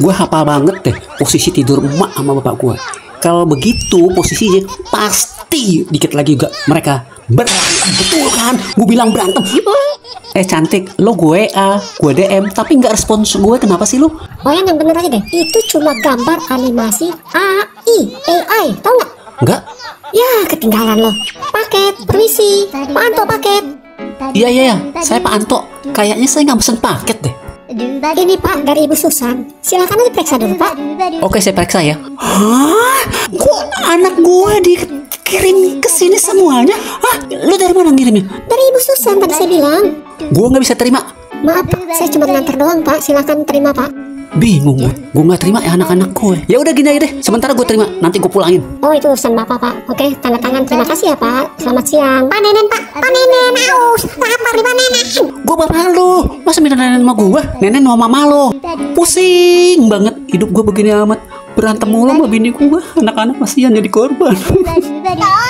gue hafal banget deh posisi tidur emak sama bapak gue kalau begitu posisinya pasti dikit lagi juga mereka berantem betul kan gue bilang berantem eh cantik lo gue a gue DM tapi nggak respons gue kenapa sih lo oh yang bener aja deh itu cuma gambar animasi AI AI tau gak nggak ya ketinggalan lo paket permisi Pak Anto paket Iya iya iya, saya Pak Anto. Kayaknya saya nggak pesen paket deh. Ini Pak dari Ibu Susan. Silakan diperiksa dulu Pak. Oke saya periksa ya. Hah? Kok anak gua dikirim ke sini semuanya? Hah? Lu dari mana ngirimnya? Dari Ibu Susan tadi saya bilang. Gua nggak bisa terima. Maaf Pak, saya cuma ngantar doang Pak. Silakan terima Pak. Bingung gue, gue nggak terima ya anak-anak gue. Ya udah gini aja deh, sementara gue terima, nanti gue pulangin. Oh itu urusan bapak pak. Oke, tanda tangan terima kasih ya pak. Selamat siang. Pak Nenen pak, Pak Nenen aus, apa gue bapak lu masa minta nenek sama gue nenek sama mama lo pusing banget hidup gua begini amat berantem mulu sama bini gua, anak-anak masih kasihan jadi korban